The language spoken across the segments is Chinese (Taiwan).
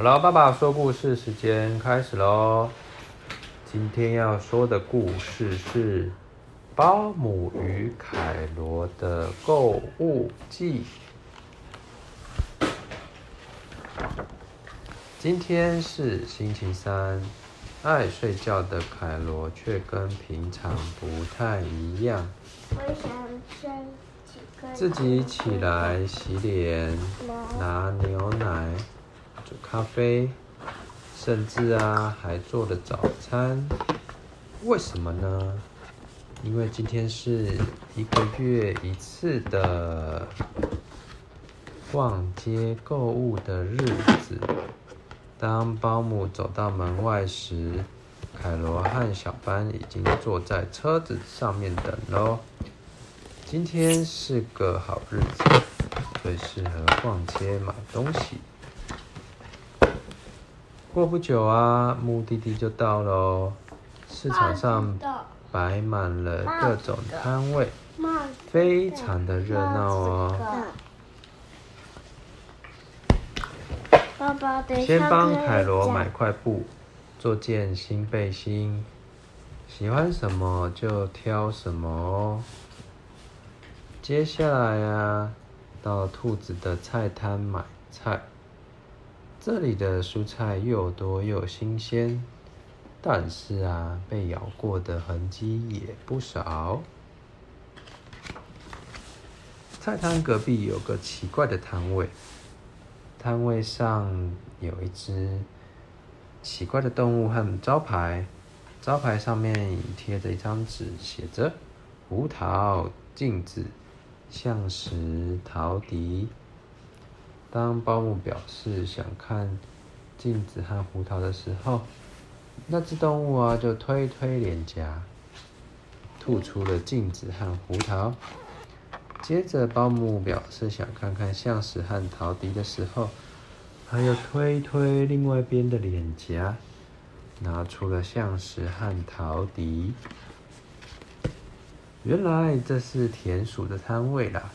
好了，爸爸說故事時間開始嘍。今天要說的故事是《包姆與凱羅的購物記》。今天是星期三，愛睡覺的凱羅卻跟平常不太一樣。自己自己起來洗臉，拿牛奶。煮咖啡，甚至啊，還做了早餐。為什麼呢？因為今天是一個月一次的逛街購物的日子。當包姆走到門外時，凱羅和小班已經坐在車子上面等嘍。今天是個好日子，最適合逛街買東西。過不久啊，目的地就到了哦。市場上擺滿了各種攤位，非常的熱鬧哦。先幫凱羅買塊布，做件新背心。喜歡什麼就挑什麼哦。接下來啊，到兔子的菜攤買菜。這裡的蔬菜又多又新鮮，但是啊，被咬過的痕迹也不少。菜攤隔壁有個奇怪的攤位，攤位上有一隻奇怪的動物和招牌，招牌上面貼着一張紙，寫着“胡桃、鏡子、橡實、陶笛”。當包姆表示想看鏡子和胡桃的時候，那只動物啊就推推臉頰，吐出了鏡子和胡桃。接着包姆表示想看看橡實和陶笛的時候，他又推一推另外一邊的臉頰，拿出了橡實和陶笛。原來這是田鼠的攤位啦。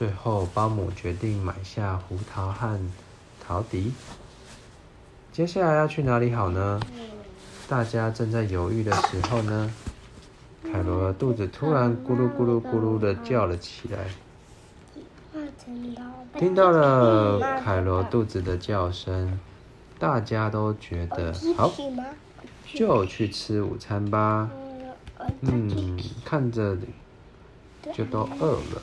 最後，包姆決定買下胡桃和陶笛。接下來要去哪裡好呢？大家正在猶豫的時候呢，凱羅的肚子突然咕嚕咕嚕咕嚕的叫了起來。聽到了凱羅肚子的叫聲，大家都覺得好，就去吃午餐吧。嗯，看着就都餓了。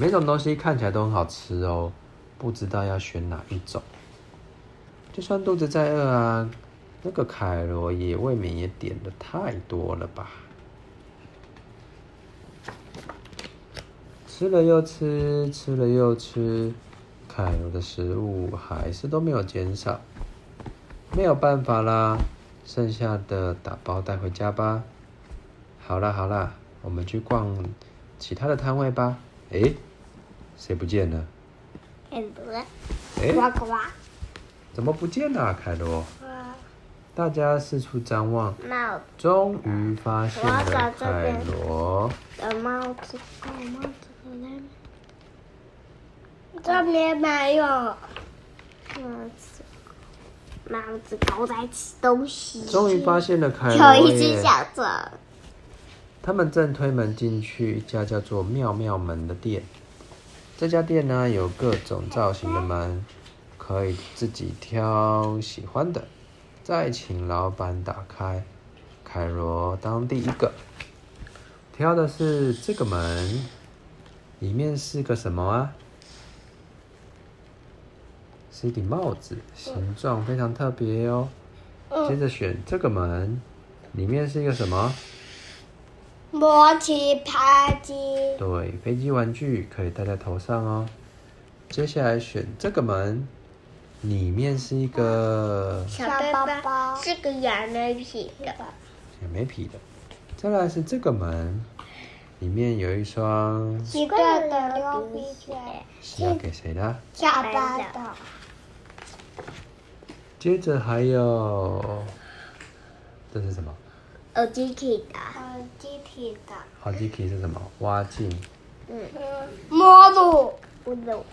每種東西看起來都很好吃哦，不知道要選哪一種。就算肚子再餓啊，那個凱羅也未免也點得太多了吧？吃了又吃，吃了又吃，凱羅的食物還是都沒有減少。沒有辦法啦，剩下的打包帶回家吧。好啦好啦，我們去逛其他的攤位吧。哎，誰不見了？凱誒怎麼不見了，啊？凱羅大家四處張望，帽子終於發現了凱羅的帽子。帽子，帽子這邊沒有帽子，帽子，狗在吃東西。終於發現了凱羅，有一隻小豬。他們正推門進去一家叫做“妙妙門”的店。這家店呢，有各種造型的門，可以自己挑喜歡的，再請老闆打開。凱羅當第一個，挑的是這個門，裡面是個什麼啊？是一頂帽子，形狀非常特別哦。接着選這個門，裡面是一個什麼？磨奇飛機，對，飛機玩具，可以戴在頭上哦。接下來選這個門，裡面是一個、啊、小包包，是個羊皮的，羊皮的。再來是這個門，裡面有一雙奇怪的東西，是要給誰的？小寶的。接着還有，這是什麼？耳機器的，耳機器的，耳機器是什麼？挖鏡。嗯，帽子露，帽子露。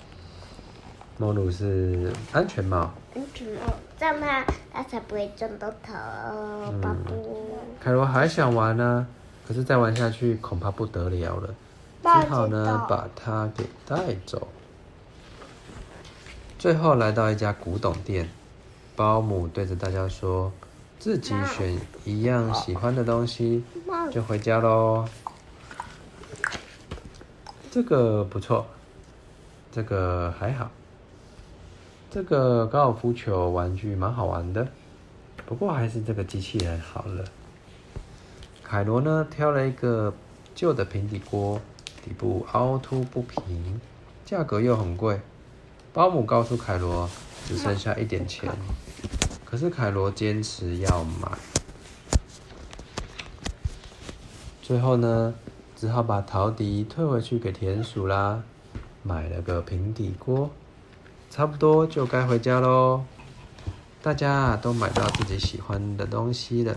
帽子是安全帽。安全帽這樣啊，他才不會撞到頭，包姆。凱羅，嗯，還想玩呢，啊，可是再玩下去恐怕不得了了，只好呢把他給帶走。最後來到一家古董店，包姆對着大家說。自己選一樣喜歡的東西，就回家嘍。這個不錯，這個還好，這個高爾夫球玩具蠻好玩的，不過還是這個機器人好了。凱羅呢，挑了一個舊的平底鍋，底部凹凸不平，價格又很貴。包姆告訴凱羅，只剩下一點錢可是凱羅堅持要買，最後呢，只好把陶笛退回去給田鼠啦。買了個平底鍋，差不多就該回家嘍。大家都買到自己喜歡的東西了，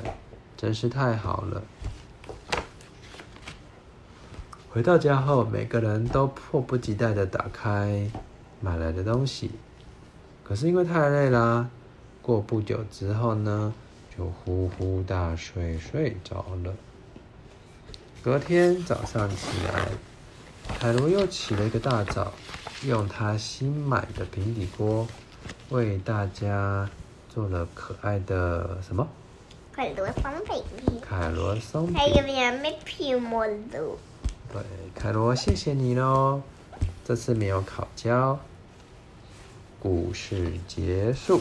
真是太好了。回到家後，每個人都迫不及待地打開買來的東西。可是因為太累啦。過不久之後呢，就呼呼大睡，睡着了。隔天早上起來，凱羅又起了一個大早，用他新買的平底鍋為大家做了可愛的什麼？凱羅鬆餅。凱羅鬆餅。還有沒有皮摩？對，凱羅，謝謝你嘍！這次沒有烤焦。故事結束。